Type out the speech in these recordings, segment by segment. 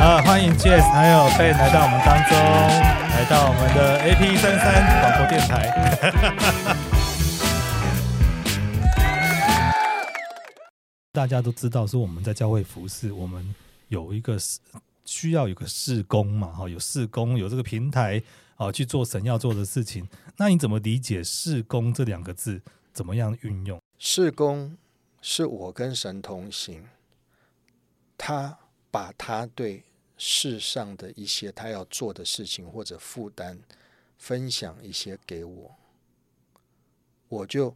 啊！歡迎 Jess 朋友可以來到我們當中，來到我們的 AP 三三廣播電台。大家都知道，說我們在教會服事，我們有一個是需要有一個事工嘛，哈，有事工有這個平台啊，去做神要做的事情。那你怎麼理解“事工”這兩個字？怎麼樣運用“事工”？是我跟神同行，他把他對。世上的一些他要做的事情，或者負擔，分享一些給我，我就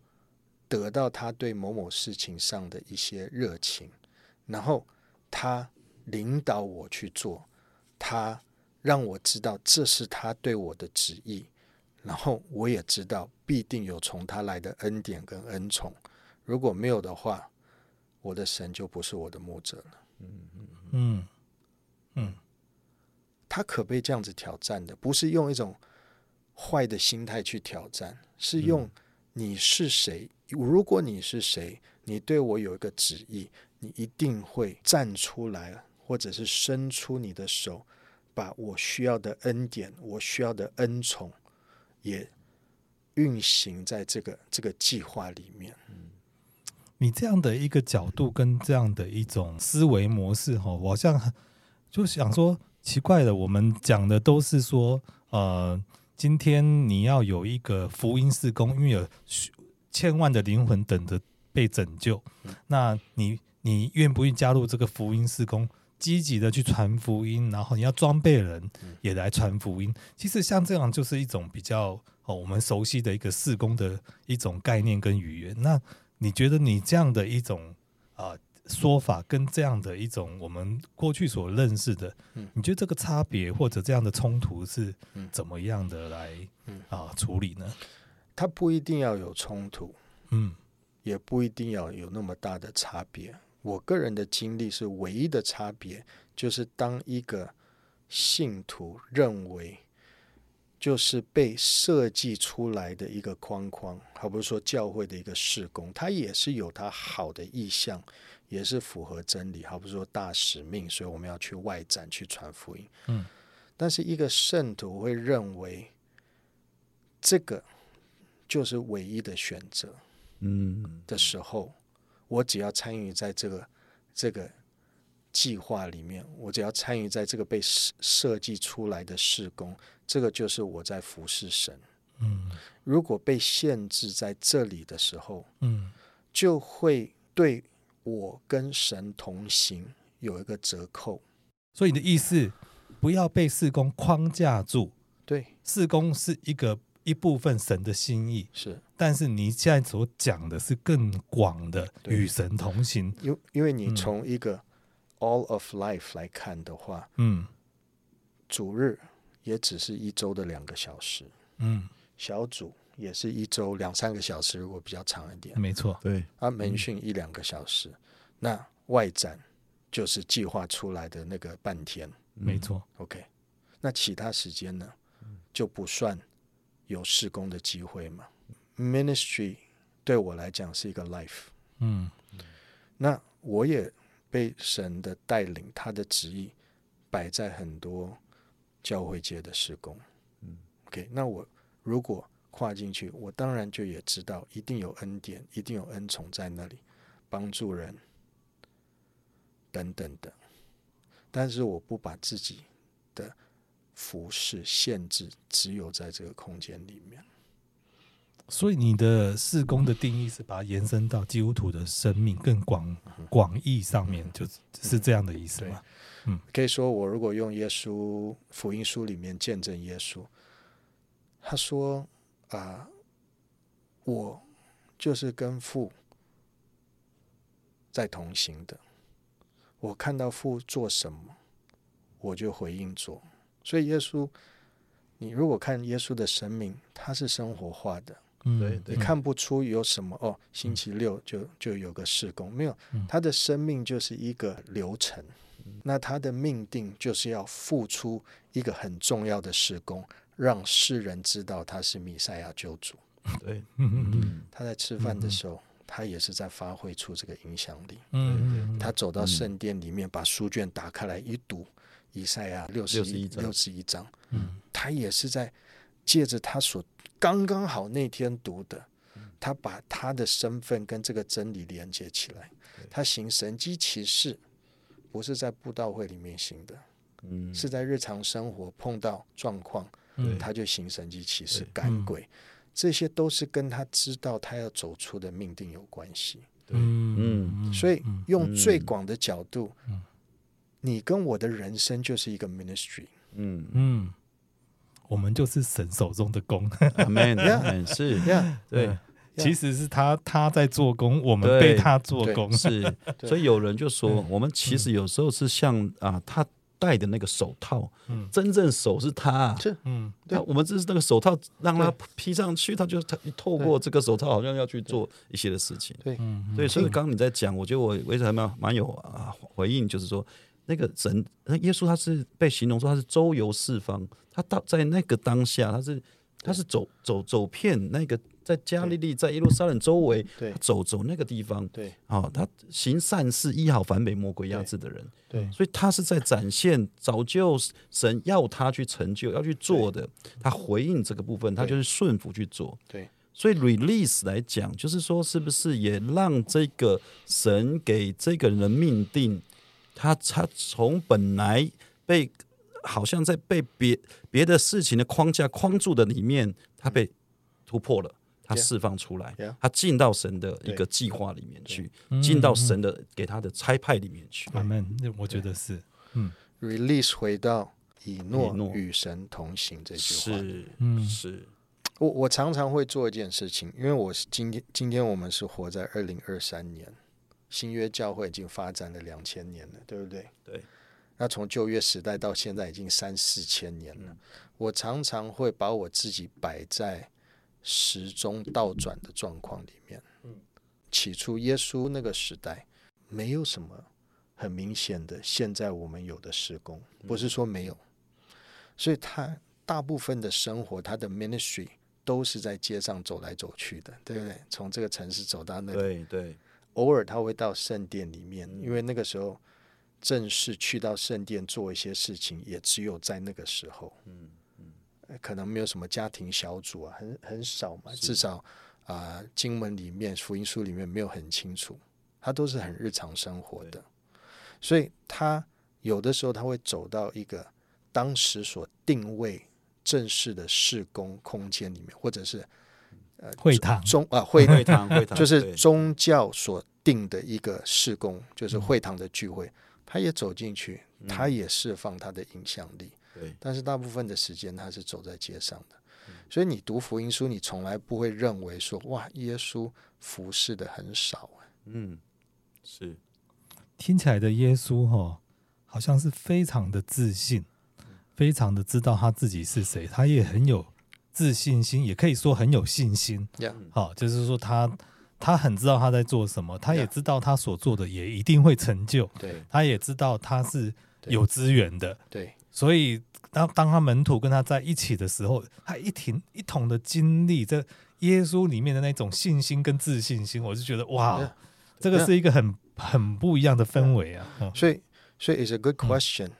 得到他對某某事情上的一些熱情，然後他領導我去做，他讓我知道這是他對我的旨意，然後我也知道必定有從他來的恩典跟恩寵，如果沒有的話，我的神就不是我的牧者了。嗯嗯嗯。嗯，他可被這樣子挑戰的，不是用一種壞的心態去挑戰，是用你是誰？如果你是誰，你對我有一個旨意，你一定會站出來，或者是伸出你的手，把我需要的恩典，我需要的恩寵，也運行在這個這個計劃裡面。嗯，你這樣的一個角度跟這樣的一種思維模式，哈，好像。就想說，奇怪的，我們講的都是說，呃，今天你要有一個福音事工，因為有千萬的靈魂等着被拯救，那你你願不願意加入這個福音事工，積極的去傳福音，然後你要裝備人也來傳福音？嗯。其實像這樣就是一種比較哦，我們熟悉的一個事工的一種概念跟語言。那你覺得你這樣的一種？說法跟這樣的一種我們過去所認識的，嗯，你覺得這個差別或者這樣的衝突是怎麼樣的來，嗯，啊處理呢？它不一定要有衝突，嗯，也不一定要有那麼大的差別。我個人的經歷是唯一的差別，就是當一個信徒認為就是被設計出來的一個框框，而不是說教會的一個事工，它也是有它好的意向。也是符合真理，好比說大使命，所以我們要去外展去傳福音。嗯，但是一個聖徒會認為這個就是唯一的選擇。嗯，的時候，嗯，我只要參與在這個這個計劃裡面，我只要參與在這個被設計出來的事工，這個就是我在服侍神。嗯，如果被限制在這裡的時候，嗯，就會對。我跟神同行有一個折扣，所以你的意思，不要被事工框架住。對，事工是一個一部分神的心意，是。但是你現在所講的是更廣的對與神同行，因因為你從一個 all of life 來看的話，嗯，主日也只是一周的兩個小時，嗯，小組。也是一周兩三個小時，如果比較長一點，沒錯，對。啊，門訓一兩個小時，嗯、那外展就是計劃出來的那個半天，沒錯。OK，那其他時間呢，就不算有事工的機會嘛。嗯、Ministry 對我來講是一個 life，嗯，那我也被神的帶領，他的旨意擺在很多教會界的事工，嗯，OK，那我如果。跨進去，我當然就也知道，一定有恩典，一定有恩寵在那裡幫助人等等的。但是我不把自己的服事限制只有在這個空間裡面。所以你的事工的定義是把它延伸到基督徒的生命更廣廣義上面，就是這樣的意思嗎？嗯，嗯可以說我如果用耶穌福音書裡面見證耶穌，他說。啊，我就是跟父在同行的，我看到父做什麼，我就回應做。所以耶穌，你如果看耶穌的生命，他是生活化的，對，嗯，你看不出有什麼哦。星期六就就有個事工，沒有，他的生命就是一個流程，那他的命定就是要付出一個很重要的事工。讓世人知道他是彌賽亞救主。對，他在吃飯的時候，他也是在發揮出這個影響力。他走到聖殿裡面，把書卷打開來一讀，《以賽亞六十一六十一章》。他也是在借着他所剛剛好那天讀的，他把他的身份跟這個真理連接起來。他行神蹟奇事，不是在布道會裡面行的，是在日常生活碰到狀況。他就行神蹟，其實趕鬼，這些都是跟他知道他要走出的命定有關係。嗯嗯，所以用最廣的角度，你跟我的人生就是一個 ministry。嗯嗯，我們就是神手中的工，阿門，阿門，是，對，其實是他他，在做工，我們被他做工，是。所以有人就說，我們其實有時候是像啊他戴的那個手套，真正手是他。嗯啊、是，嗯，對、啊，我們只是那個手套，讓他披上去，對他就透過這個手套，好像要去做一些的事情。對，嗯，對，對對，所以所以剛剛你在講，我覺得我為什麼還蠻蠻有啊回應，就是說那個神，耶穌他是被形容說他是周遊四方，他到在那個當下，他是對他是走走走遍那個。在加利利，在耶路撒冷周圍對走走那個地方，對，啊、哦，他行善事，醫好凡被魔鬼壓制的人，對，對，所以他是在展現早就神要他去成就要去做的，對他回應這個部分，他就是順服去做，對，對，所以 release 來講，就是說是不是也讓這個神給這個人的命定，他他從本來被好像在被別別的事情的框架框住的裡面，他被突破了。他釋放出來，yeah, yeah. 他進到神的一個計劃裡面去，進到神的給他的差派裡面去。慢慢，嗯嗯、我覺得是，嗯，release 回到以諾與神同行這句話，嗯，是我我常常會做一件事情，因為我是今天今天我們是活在二零二三年，新約教會已經發展了兩千年了，對不對？對。那從舊約時代到現在已經三四千年了，嗯、我常常會把我自己擺在。時鐘倒轉的狀況裡面，起初耶穌那個時代，沒有什麼很明顯的，現在我們有的事工，不是說沒有，所以他大部分的生活，他的 ministry 都是在街上走來走去的，對不對？從這個城市走到那裡，對。偶爾他會到聖殿裡面，因為那個時候正式去到聖殿做一些事情，也只有在那個時候。嗯。可能沒有什麼家庭小組啊，很很少嘛。至少啊、呃，經文裡面、福音書裡面沒有很清楚，他都是很日常生活的。對所以他有的時候他會走到一個當時所定位正式的事工空間裡面，或者是呃會堂中，啊會堂會堂，就是宗教所定的一個事工，嗯、就是會堂的聚會，他也走進去，嗯、他也釋放他的影響力。對，但是大部分的時間他是走在街上的。嗯、所以你讀福音書，你從來不會認為說哇，耶穌服侍的很少、啊。嗯，是聽起來的耶穌哈、哦，好像是非常的自信，非常的知道他自己是誰，他也很有自信心，也可以說很有信心。好 Yeah.、哦，就是說他他很知道他在做什麼，他也知道他所做的也一定會成就。對，Yeah. 他也知道他是有資源的。對。對對所以，當當他門徒跟他在一起的時候，他一聽，一同的經歷，這耶穌裡面的那種信心跟自信心，我是覺得哇，這個是一個很很不一樣的氛圍啊。所以，所以 it's a good question、嗯、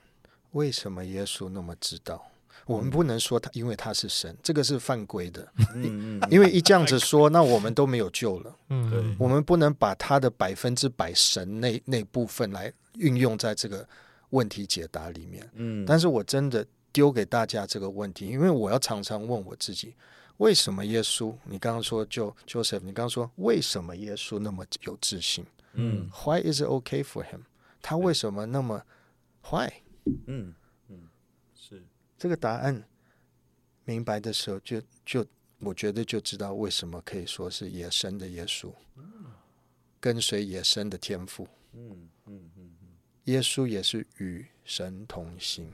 為什麼耶穌那麼知道？嗯、我們不能說他因為他是神，這個是犯規的。嗯嗯，因為一這樣子說， 那我們都沒有救了。嗯，對我們不能把他的百分之百神那那部分來運用在這個。問題解答裡面，嗯，但是我真的丟給大家這個問題，因為我要常常問我自己，為什麼耶穌？你剛剛說就 Joseph，你剛剛說為什麼耶穌那麼有自信？嗯，Why is it okay for him？他為什麼那麼壞？嗯嗯，是這個答案明白的時候就，就就我覺得就知道為什麼可以說是野生的耶穌，跟隨野生的天賦。嗯嗯。嗯耶穌也是與神同行，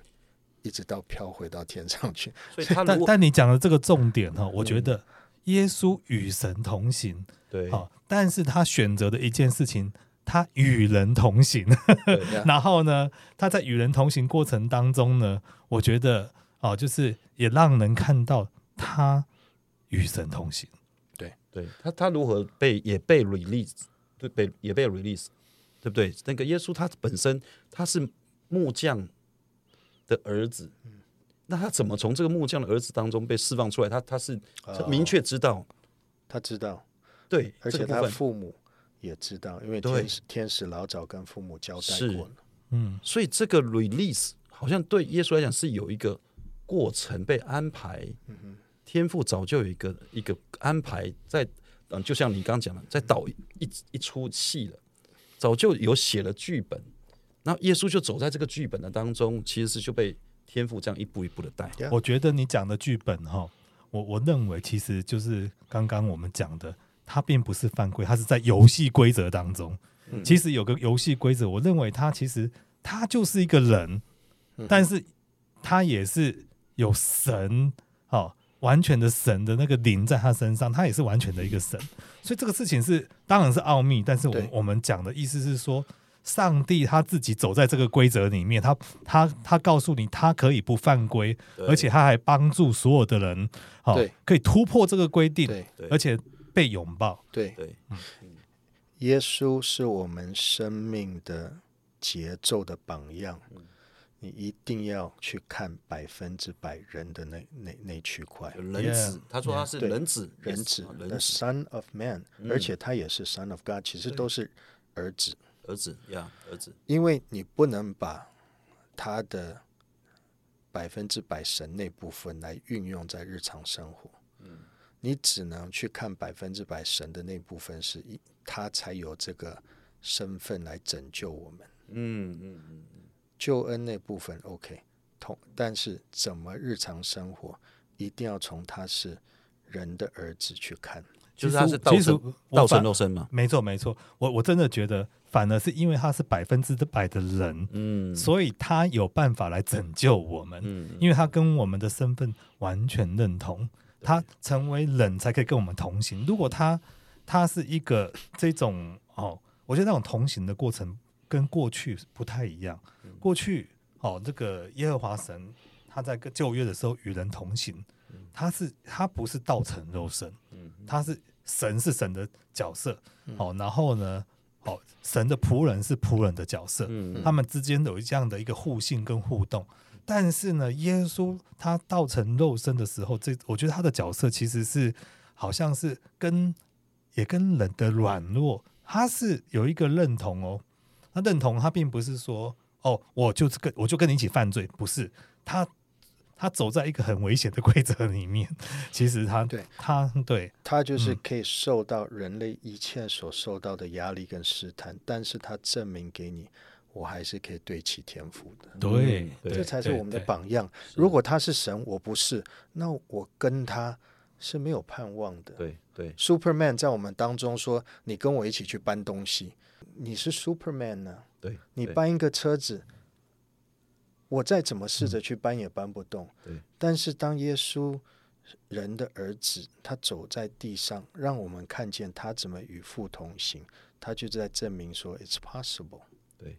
一直到飄回到天上去。所以他但，但但你講的這個重點呢，我覺得耶穌與神同行，嗯、對，啊，但是他選擇的一件事情，他與人同行。 啊、然後呢，他在與人同行過程當中呢，我覺得哦，就是也讓人看到他與神同行。對，對他他如何被也被 release，對，被也被 release。對不對？那個耶穌他本身他是木匠的兒子，那他怎麼從這個木匠的兒子當中被釋放出來？他他是，是明確知道，哦、他知道，對，而且他父母也知道，因為天使對天使老早跟父母交代過了，嗯，所以這個 release 好像對耶穌來講是有一個過程被安排，天父早就有一個一個安排在，嗯，就像你剛講的，在導一一出戲了。早就有寫了劇本，那耶穌就走在這個劇本的當中，其實是就被天父這樣一步一步的帶。Yeah. 我覺得你講的劇本哈，我我認為其實就是剛剛我們講的，他並不是犯規，他是在遊戲規則當中。其實有個遊戲規則，我認為他其實他就是一個人，但是他也是有神，哈，完全的神的那個靈在他身上，他也是完全的一個神。所以這個事情是，當然是奧秘，但是我我們講的意思是說，對上帝他自己走在這個規則裡面，他他他告訴你，他可以不犯規，對而且他還幫助所有的人，好對、哦，可以突破這個規定，對而且被擁抱。對對，對嗯、耶穌是我們生命的節奏的榜樣。嗯你一定要去看百分之百人的那那那區塊。人子，yeah, 他說他是人子，對人子，人子，The Son of Man，嗯，而且他也是 Son of God，其實都是兒子，兒子，呀，兒子。Yeah, 兒子。因為你不能把他的百分之百神那部分來運用在日常生活。嗯。你只能去看百分之百神的那部分是，是他才有這個身份來拯救我們。嗯嗯嗯。救恩那部分 OK，同但是怎麼日常生活，一定要從他是人的兒子去看，就是他是道成道成肉身嘛。沒錯沒錯，我我真的覺得反而是因為他是百分之百的人，嗯，所以他有辦法來拯救我們，嗯，因為他跟我們的身份完全認同，他成為人才可以跟我們同行。如果他他是一個這種哦，我覺得這種同行的過程。跟過去不太一樣。過去哦，這個耶和華神他在跟舊約的時候與人同行，他是他不是道成肉身，他是神是神的角色。哦，然後呢，哦，神的僕人是僕人的角色，他們之間有這樣的一個互信跟互動。但是呢，耶穌他道成肉身的時候，這我覺得他的角色其實是好像是跟也跟人的軟弱，他是有一個認同哦。他認同，他並不是說哦，我就跟我就跟你一起犯罪，不是，他，他走在一個很危險的規則裡面。其實他對他對他就是可以受到人類一切所受到的壓力跟試探，嗯、但是他證明給你，我還是可以對其天賦的。對，嗯、對，這才是我們的榜樣。如果他是神，我不是，那我跟他是沒有盼望的。對對，Superman 在我們當中說，你跟我一起去搬東西。你是 Superman 呢、啊？對，你搬一個車子，對我再怎麼試着去搬也搬不動。嗯、對，但是當耶穌人的兒子他走在地上，讓我們看見他怎麼與父同行，他就在證明說 It's possible。對，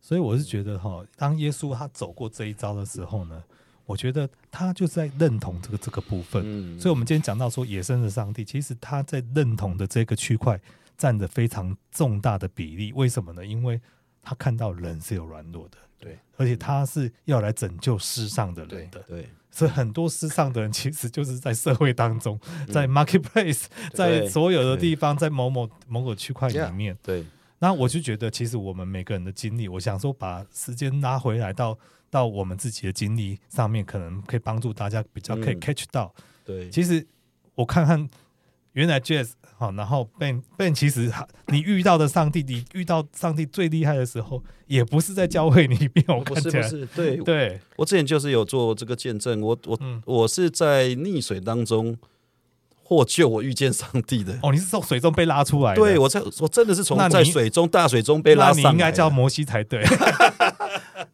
所以我是覺得哈，當耶穌他走過這一遭的時候呢，我覺得他就在認同這個這個部分。嗯、所以，我們今天講到說，野生的上帝其實他在認同的這個區塊佔着非常重大的比例，為什麼呢？因為他看到人是有軟弱的，對，而且他是要來拯救世上的人的，對，對，所以很多世上的人其實就是在社會當中，嗯、在 marketplace，對在所有的地方，在某某某，某個區塊裡面，對。那我就覺得，其實我們每個人的經歷，我想說，把時間拉回來到到我們自己的經歷上面，可能可以幫助大家比較可以 catch 到、嗯。對，其實我看看。原來 Jess 好，然後 Ben Ben 其實你遇到的上帝，你遇到上帝最厲害的時候，也不是在教會裡面。我不是不是，對對，我之前就是有做這個見證，我我、嗯、我是在溺水當中獲救，我遇見上帝的。哦，你是從水中被拉出來的？對，我真我真的是從在水中那你大水中被拉出來的，那你，那你應該叫摩西才對。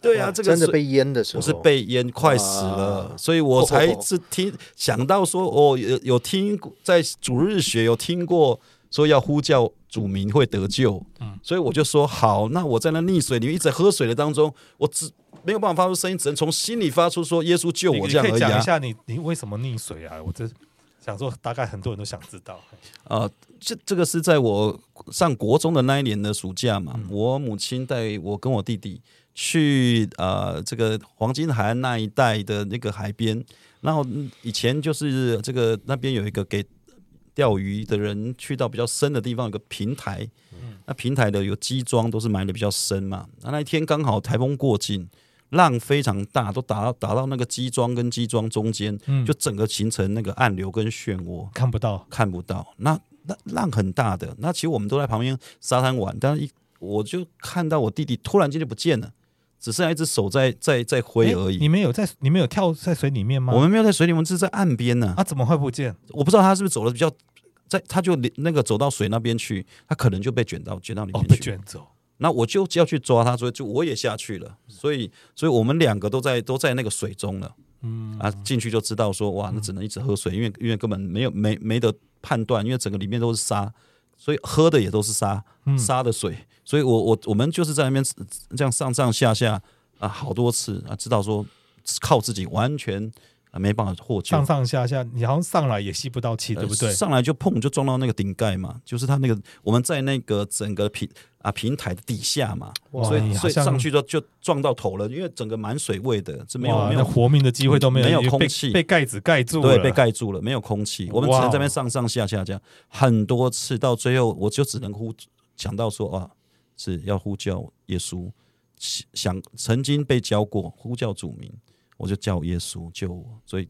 對啊，這個是、啊、真的被淹的時候，我是被淹，快死了，啊、所以我才是聽、哦、想到說哦，有有聽過在主日學有聽過說要呼叫主名會得救，嗯，所以我就說好，那我在那溺水，你一直喝水的當中，我只沒有辦法發出聲音，只能從心裡發出說耶穌救我這樣而已、啊。講一下你你為什麼溺水啊？我真想說，大概很多人都想知道啊。 呃這這個是在我上國中的那一年的暑假嘛，嗯、我母親帶我跟我弟弟去啊、呃，這個黃金海岸那一帶的那個海邊，然後以前就是這個那邊有一個給釣魚的人去到比較深的地方有一個平台，嗯、那平台的有基樁都是埋得比較深嘛，那那一天剛好颱風過境，浪非常大，都打到打到那個基樁跟基樁中間，嗯、就整個形成那個暗流跟漩渦，看不到看不到那。浪很大的，那其實我們都在旁邊沙灘玩，但一我就看到我弟弟突然間就不見了，只剩下一隻手在在在揮而已。欸、你們有在？你們有跳在水裡面嗎？我們沒有在水裡面，我們是在岸邊呢、啊。啊，怎麼會不見？我不知道他是不是走的比較在，在他就那個走到水那邊去，他可能就被捲到捲到裡面去。捲、哦、被捲走，那我就要去抓他，所以就我也下去了，所以所以我們兩個都在都在那個水中了。啊，進去就知道說，哇，那只能一直喝水，因為因為根本沒有沒沒得判斷，因為整個裡面都是沙，所以喝的也都是沙沙、嗯、的水，所以我我我們就是在那邊這樣上上下下啊好多次啊，知道說靠自己完全。沒辦法獲救，上上下下，你好像上來也吸不到氣，對不對？呃、上來就碰就撞到那個頂蓋嘛，就是他那個我們在那個整個平啊平台底下嘛，哇所以所以上去之後就撞到頭了，因為整個滿水位的，是沒有哇沒有活命的機會都沒有，沒有空氣被，被蓋子蓋住了，對，被蓋住了，沒有空氣，我們只能在這邊上上下下這樣哇很多次，到最後我就只能呼、嗯、想到說啊，是要呼叫耶穌，想曾經被教過呼叫主名。我就叫耶穌救我，所以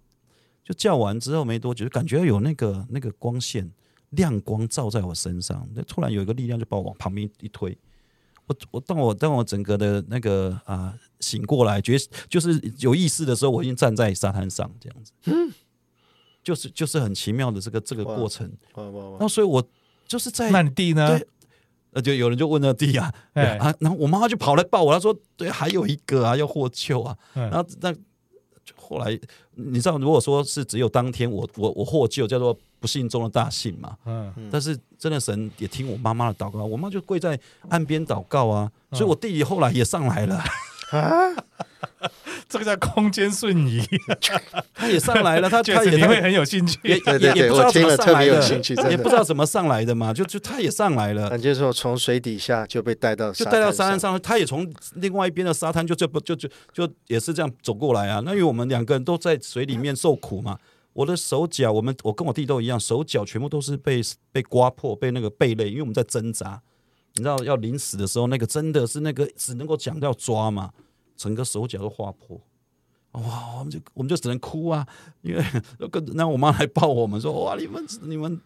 就叫完之後沒多久，就感覺有那個那個光線亮光照在我身上，那突然有一個力量就把我往旁邊一,一推。我我當我當我整個的那個啊、呃、醒過來，覺就是有意識的時候，我已經站在沙灘上這樣子，嗯，就是就是很奇妙的這個這個過程。那所以我就是在，那你弟呢？那就有人就問那個弟啊，啊、欸，然後我媽媽就跑來抱我，她說：“對，還有一個啊，要獲救啊。欸”然後那。後來，你知道，如果說是只有當天我我我獲救，叫做不幸中的大幸嘛。嗯，但是真的神也聽我媽媽的禱告，我媽就跪在岸邊禱告啊，所以我弟弟後來也上來了。嗯 啊，蛤這個叫空間瞬移。 他也上來了，他他也會很有興趣，也也不知道怎麼上來的，有興趣的也不知道怎麼上來的嘛，就就他也上來了，就是說從水底下就被帶到，就帶到沙灘上， 他也從另外一邊的沙灘就這不就就就，就也是這樣走過來啊，那因為我們兩個人都在水裡面受苦嘛，嗯、我的手腳，我們我跟我弟，弟都一樣，手腳全部都是被被刮破，被那個貝類，因為我們在掙扎。你知道要臨死的時候，那個真的是那個只能夠講到抓嘛，整個手腳都劃破，哇！我們就我們就只能哭啊，因為跟那我媽來抱我們說哇，你們你們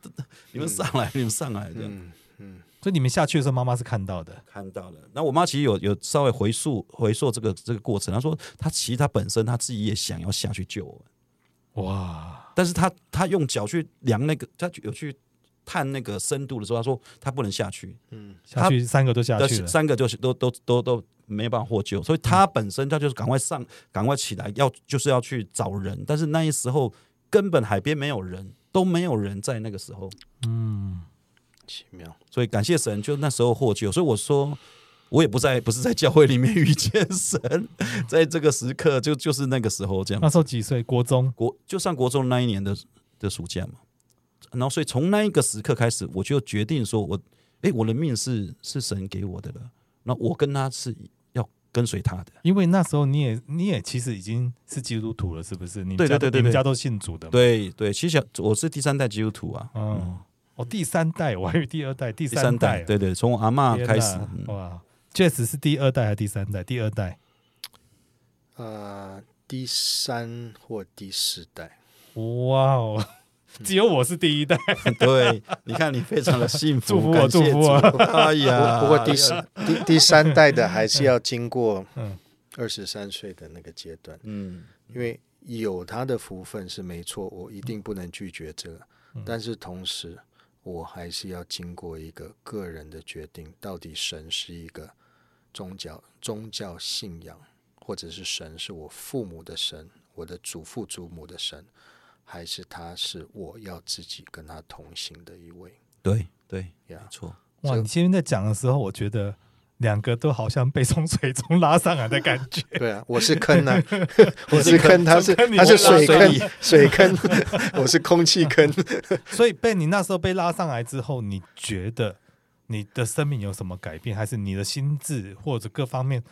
你們上來，嗯、你們上來這樣。嗯，嗯。所以你們下去的時候，媽媽是看到的，看到了。那我媽其實有有稍微回溯回溯這個這個過程，她說她其實她本身她自己也想要下去救我們，我哇！但是她她用腳去量那個，她有去。看那個深度的時候，他說他不能下去。嗯，他下去三個都下去了，三個就是都都都都沒辦法獲救。所以他本身他就是趕快上，趕快起來，要就是要去找人。但是那一時候根本海邊沒有人，都沒有人在那個時候。嗯，奇妙。所以感謝神，就那時候獲救。所以我說我也不在不是在教會裡面遇見神，在這個時刻就就是那個時候這樣。那時候幾歲？國中，國就上國中那一年的的暑假嘛。然後，所以從那一個時刻開始，我就決定說，我，哎，我的命是是神給我的了。那我跟他是要跟隨他的，因為那時候你也你也其實已經是基督徒了，是不是？你們對，對對對對。你們家都信主的。對對，其實我是第三代基督徒啊。哦，我、嗯哦、第三代，我還以為第二代，第三代。三代對對，從我阿嬤開始。哇，確實是第二代還是第三代？第二代。呃，第三或第四代。哇哦。只有我是第一代， 對，你看你非常的幸福，祝福我，祝福我 哎呀，不過第第第三代的還是要經過二十三歲的那個階段。嗯，因為有他的福分是沒錯，我一定不能拒絕這個，嗯、但是同時，我還是要經過一個個人的決定，到底神是一個宗教、宗教信仰，或者是神是我父母的神，我的祖父祖母的神。還是他是我要自己跟他同行的一位，對對，對 yeah, 沒錯。哇，這你現在在講的時候，我覺得兩個都好像被從水中拉上來的感覺。啊對啊，我是坑啊， 我是坑，他是裡他是水坑水，裡水坑， 我是空氣坑。 所以被你那時候被拉上來之後，你覺得你的生命有什麼改變？還是你的心智或者各方面？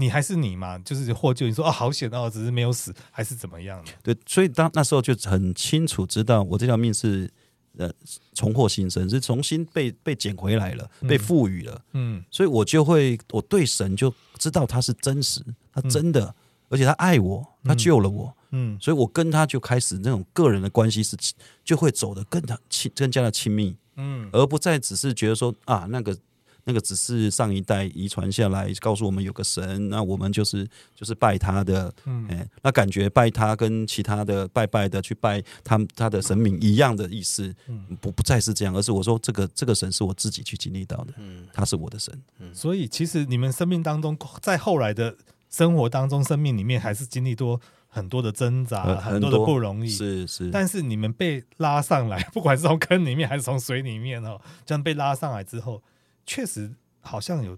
你還是你嘛，就是獲救。你說啊、哦，好險哦，只是沒有死，還是怎麼樣？對，所以當那時候就很清楚知道，我這條命是呃重獲新生，是重新被被撿回來了，被賦予了。嗯，嗯所以我就會，我對神就知道他是真實，他真的，嗯、而且他愛我，他救了我。嗯，嗯所以我跟他就開始那種個人的關係是，就會走得更親，更加的親密。嗯，而不再只是覺得說啊那個。那個只是上一代遺傳下來，告訴我們有個神，那我們就是就是拜他的，哎、嗯欸，那感覺拜他跟其他的拜拜的去拜他他的神明一樣的意思，嗯、不不再是這樣，而是我說這個這個神是我自己去經歷到的，他、嗯、是我的神，所以其實你們生命當中在後來的生活當中，生命裡面還是經歷多很多的掙扎，呃、很多、很多的不容易，是是，但是你們被拉上來，不管是從坑裡面還是從水裡面哦、喔，這樣被拉上來之後。確實，好像有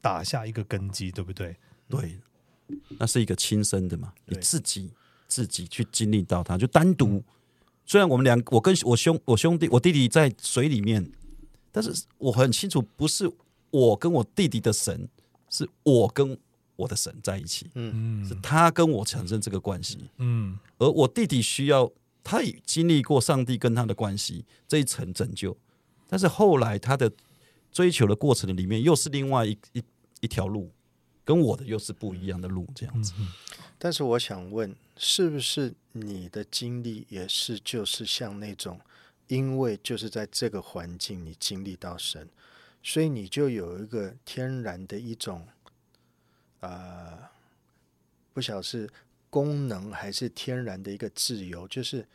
打下一個根基，對不對？對，那是一個親身的嘛，對你自己自己去經歷到它，就單獨。嗯、雖然我們兩個，我跟我兄、我兄弟、我弟弟在水裡面，但是我很清楚，不是我跟我弟弟的神，是我跟我的神在一起。嗯嗯，是他跟我產生這個關係。嗯，而我弟弟需要，他也經歷過上帝跟他的關係這一層拯救，但是後來他的。追求的過程裡面，又是另外一一一條路，跟我的又是不一樣的路，這樣子。嗯嗯。但是我想問，是不是你的經歷也是就是像那種，因為就是在這個環境，你經歷到神，所以你就有一個天然的一種，呃，不曉得是功能還是天然的一個自由，就是。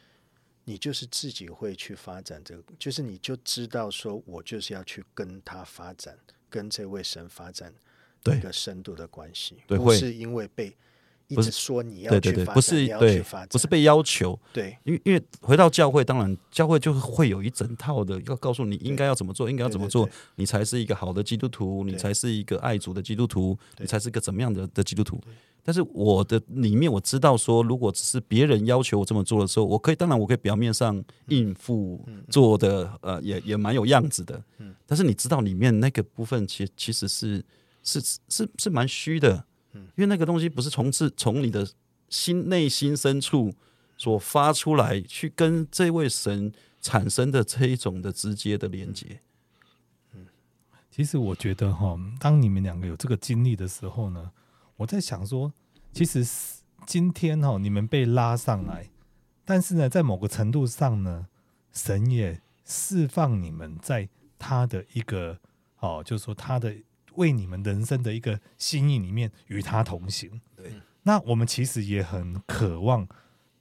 你就是自己會去發展這個，就是你就知道說，我就是要去跟他發展，跟這位神發展一個深度的關係。對，對，會不是因為被，一直說你要去發展，不是對，對對不是被要求。對，因為因為回到教會，當然教會就會有一整套的，要告訴你應該要怎麼做，應該要怎麼做，你才是一個好的基督徒，你才是一個愛主的基督徒，你才是一個怎麼樣的的基督徒。但是我的裡面我知道，說如果只是別人要求我這麼做的時候，我可以，當然我可以表面上應付做的，呃，也也蠻有樣子的。嗯，但是你知道裡面那個部分，其其實是是是是蠻虛的。嗯，因為那個東西不是從自從你的心內心深處所發出來，去跟這位神產生的這一種的直接的連接。嗯嗯嗯嗯嗯。嗯，其實我覺得哈，當你們兩個有這個經歷的時候呢。我在想說，其實今天哈，你們被拉上來，嗯。但是呢，在某個程度上呢，神也釋放你們在他的一個哦，就是說他的為你們人生的一個心意裡面與他同行。對，那我們其實也很渴望，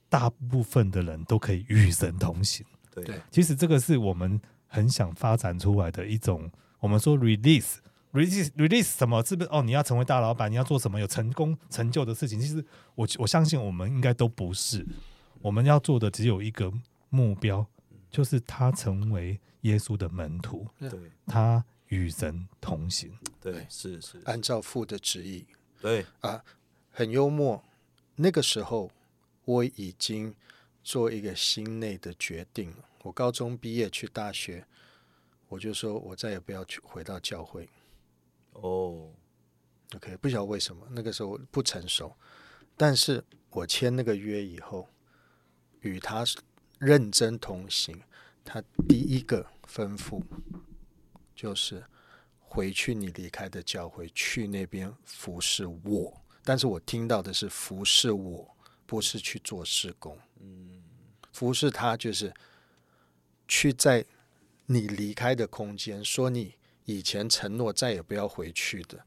大部分的人都可以與神同行。對，其實這個是我們很想發展出來的一種，我們說 release。Release release 什麼是不是哦？你要成為大老闆，你要做什麼有成功成就的事情？其實我我相信我們應該都不是。我們要做的只有一個目標，就是他成為耶穌的門徒，對，他與神同行，對，是是，按照父的旨意，對，啊，很幽默。那個時候我已經做一個心內的決定，我高中畢業去大學，我就說我再也不要去回到教會。哦、oh.，OK，不曉得為什麼那個時候不成熟，但是我簽那個約以後，與他認真同行，他第一個吩咐就是回去你離開的教會，去那邊服侍我。但是我聽到的是服侍我，不是去做事工。嗯，服侍他就是去在你離開的空間說你。以前承諾再也不要回去的，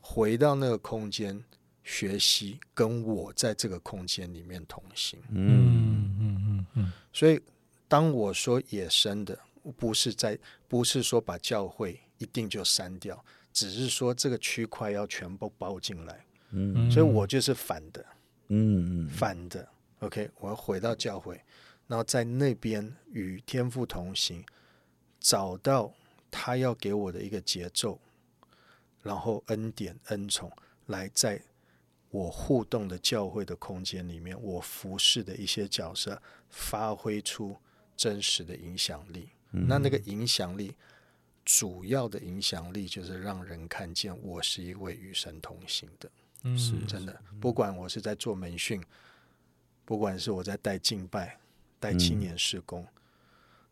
回到那個空間學習，跟我在這個空間裡面同行。嗯嗯嗯嗯。嗯嗯嗯，所以當我說野生的，不是在，不是說把教會一定就刪掉，只是說這個區塊要全部包進來。嗯。嗯，所以我就是反的。嗯，嗯反的，OK，我要回到教會，然後在那邊與天父同行，找到。他要給我的一個節奏，然後恩典、恩寵來，在我互動的教會的空間裡面，我服侍的一些角色，發揮出真實的影響力。嗯、那那個影響力，主要的影響力就是讓人看見我是一位與神同行的。是、嗯、真的。是是是是，不管我是在做門訓，不管是我在帶敬拜、帶青年事工，嗯、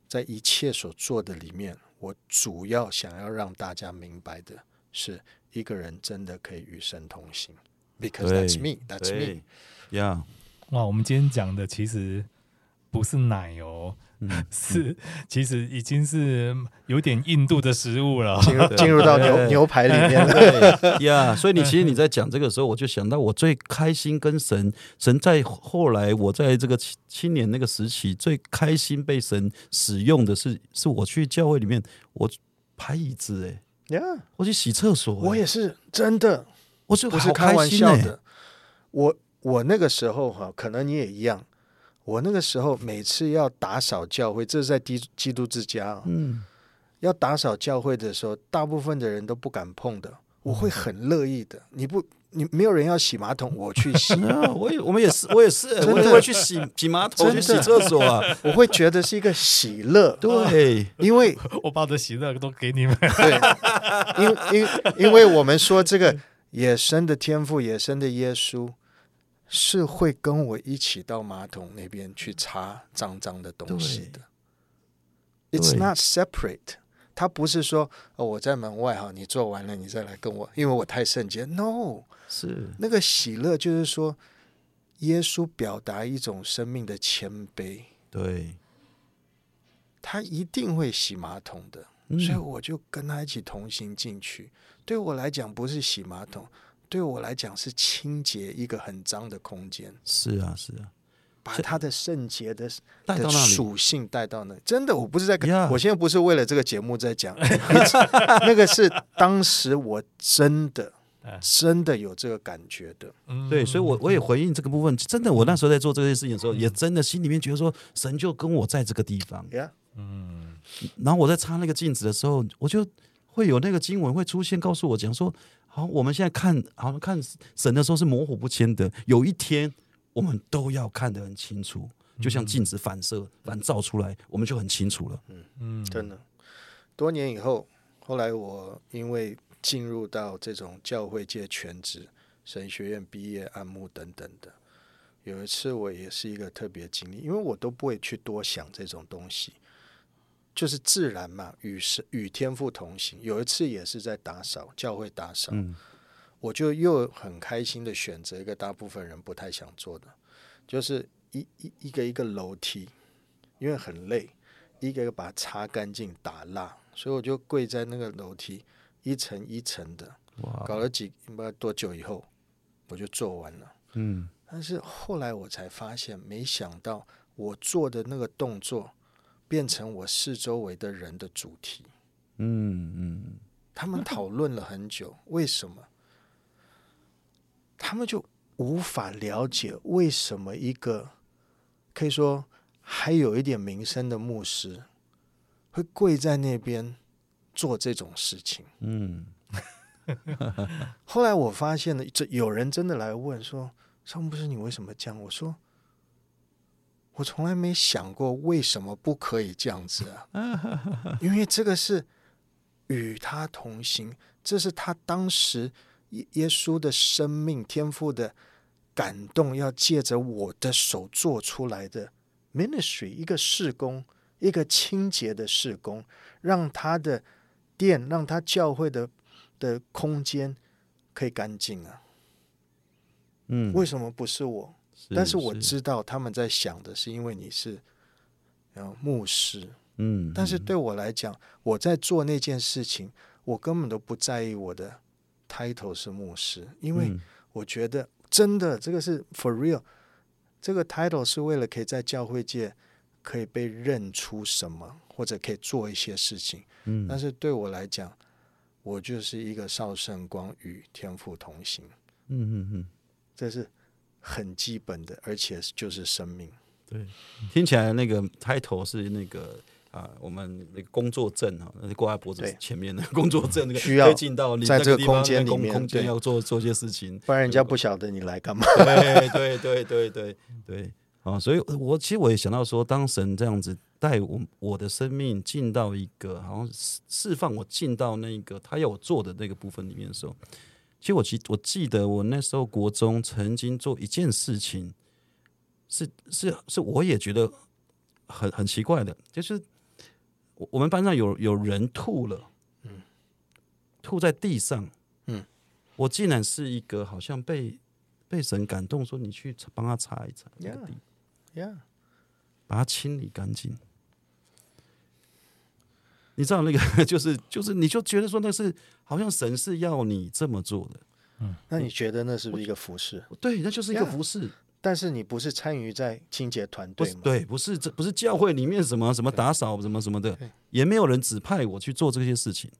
在一切所做的裡面。我主要想要讓大家明白的是，一個人真的可以與神同行，because that's me, that's me。對，對。Yeah. 哇，我們今天講的其實不是奶油哦。是，其實已經是有點印度的食物了，進入進入到牛對牛排裡面了。呀對，對 yeah, 所以你其實你在講這個時候，我就想到我最開心跟神神在後來，我在這個青年那個時期最開心被神使用的是，是我去教會裡面我排椅子，哎呀，我去洗廁所，我也是真的，我是是開心的。我我那個時候哈、啊，可能你也一樣。我那個時候每次要打掃教會，這是在基基督之家啊、哦，嗯、要打掃教會的時候，大部分的人都不敢碰的，我會很樂意的。你不，你沒有人要洗馬桶，我去洗啊、哦！我也我們也是，我也是，的我也會去洗洗馬桶，的我去洗廁所啊！我會覺得是一個喜樂，對，因為我把我的喜樂都給你們。對，因因因為我們說這個野生的天父，野生的耶穌。是會跟我一起到馬桶那邊去擦髒髒的東西的。It's not separate，他不是說哦，我在門外哈，你做完了你再來跟我，因為我太聖潔。No，是那個喜樂就是說，耶穌表達一種生命的謙卑。對，他一定會洗馬桶的，嗯，所以我就跟他一起同行進去。對我來講，不是洗馬桶。對我來講是清潔一個很髒的空間。啊，是啊是啊，把他的聖潔的屬性帶到那裡，到那裡，真的我不是在跟，Yeah. 我現在不是為了這個節目在講， 那個是當時我真的 真的有這個感覺的，嗯、對，所以我，我我也回應這個部分，真的，我那時候在做這些事情的時候，嗯、也真的心裡面覺得說，神就跟我在這個地方，Yeah. 嗯，然後我在擦那個鏡子的時候，我就。會有那個經文會出現，告訴我講說：好，我們現在看，好像看神的時候是模糊不清的。有一天，我們都要看得很清楚，就像鏡子反射、反照出來，我們就很清楚了。嗯嗯，真的、嗯。嗯、多年以後，後來我因為進入到這種教會界全職神學院畢業、按牧等等的，有一次我也是一個特別經歷，因為我都不會去多想這種東西。就是自然嘛，與與天賦同行。有一次也是在打掃教會打掃，嗯、我就又很開心的選擇一個大部分人不太想做的，就是一一一個一個樓梯，因為很累，一個一個把它擦乾淨打蠟，所以我就跪在那個樓梯一層一層的，哇搞了幾不知道多久以後，我就做完了。嗯，但是後來我才發現，沒想到我做的那個動作。變成我四周圍的人的主題，嗯嗯，嗯，他們討論了很久，為什麼他們就無法了解為什麼一個可以說還有一點名聲的牧師會跪在那邊做這種事情？嗯， 後來我發現呢，這有人真的來問說：“邵牧師，你為什麼這樣？”我說。我從來沒想過為什麼不可以這樣子啊？因為這個是與他同行，這是他當時耶耶穌的生命天父的感動，要借着我的手做出來的 ministry 一個事工，一個清潔的事工，讓他的殿，讓他教會的的空間可以乾淨啊。為什麼不是我？是是，但是我知道他們在想的是，因為你是，牧師，嗯。嗯，但是對我來講，我在做那件事情，我根本都不在意我的 title 是牧師，因為我覺得、嗯、真的這個是 for real，這個 title 是為了可以在教會界可以被認出什麼，或者可以做一些事情，嗯、但是對我來講，我就是一個少聖光與天父同行，嗯嗯嗯，嗯嗯這是。很基本的，而且就是生命。對，嗯、聽起來那個 title 是那個啊，我們那個工作證啊、呃，掛在脖子前面的工作證，對嗯、那個需要進到在這個空間裡面，空間要做對做、做些事情，不然人家不曉得你來幹嘛。對對對對對，對啊， 所以我，我其實我也想到說，當神這樣子帶我，我的生命進到一個，好像釋釋放我進到那個他要我做的那個部分裡面的時候。其實我記，我記得我那時候國中曾經做一件事情，是是是，是我也覺得很很奇怪的，就是我我們班上有有人吐了，嗯，吐在地上，嗯，我竟然是一個好像被被神感動，說你去幫他擦一擦那個地，Yeah, yeah. 把它清理乾淨。你知道那個就是就是，就是、你就覺得說，那是好像神是要你這麼做的，嗯，那你覺得那是不是一個服事？對，那就是一個服事。但是你不是參與在清潔團隊，對，不是這不是教會裡面什麼什麼打掃什麼什麼的，也沒有人指派我去做這些事情，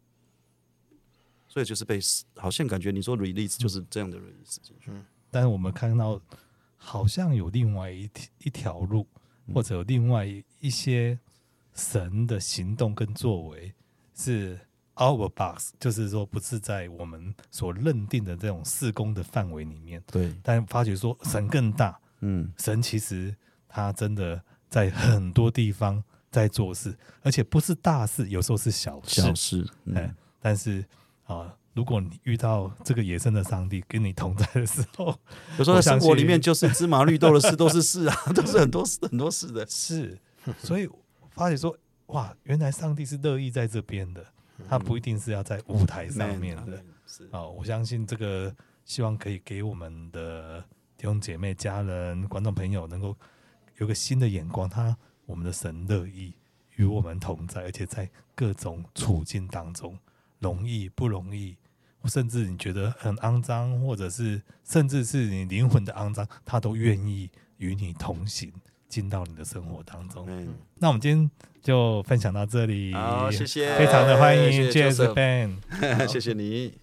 所以就是被好像感覺你說 release 就是這樣的 release。嗯，但是我們看到好像有另外一一條路，或者有另外一些。神的行動跟作為是 out of the box，就是說不是在我們所認定的這種事工的範圍裡面。對，但發覺說神更大，嗯，神其實他真的在很多地方在做事，而且不是大事，有時候是小事。小事，哎、嗯，但是啊、呃，如果你遇到這個野生的上帝跟你同在的時候，有時候在生活裡面就是芝麻綠豆的事都是事啊， 都是很多事很多事的。事，所以。發覺說，哇，原來上帝是樂意在這邊的，他不一定是要在舞台上面的。我相信這個，希望可以給我們的弟兄姐妹、家人、觀眾朋友，能夠有個新的眼光。他，我們的神樂意與我們同在，而且在各種處境當中，嗯、容易不容易，甚至你覺得很骯髒，或者是甚至是你靈魂的骯髒，他都願意與你同行。進到你的生活當中。嗯，那我們今天就分享到這裡。好，謝謝，非常的歡迎 Jess、哎、Ben 謝謝你。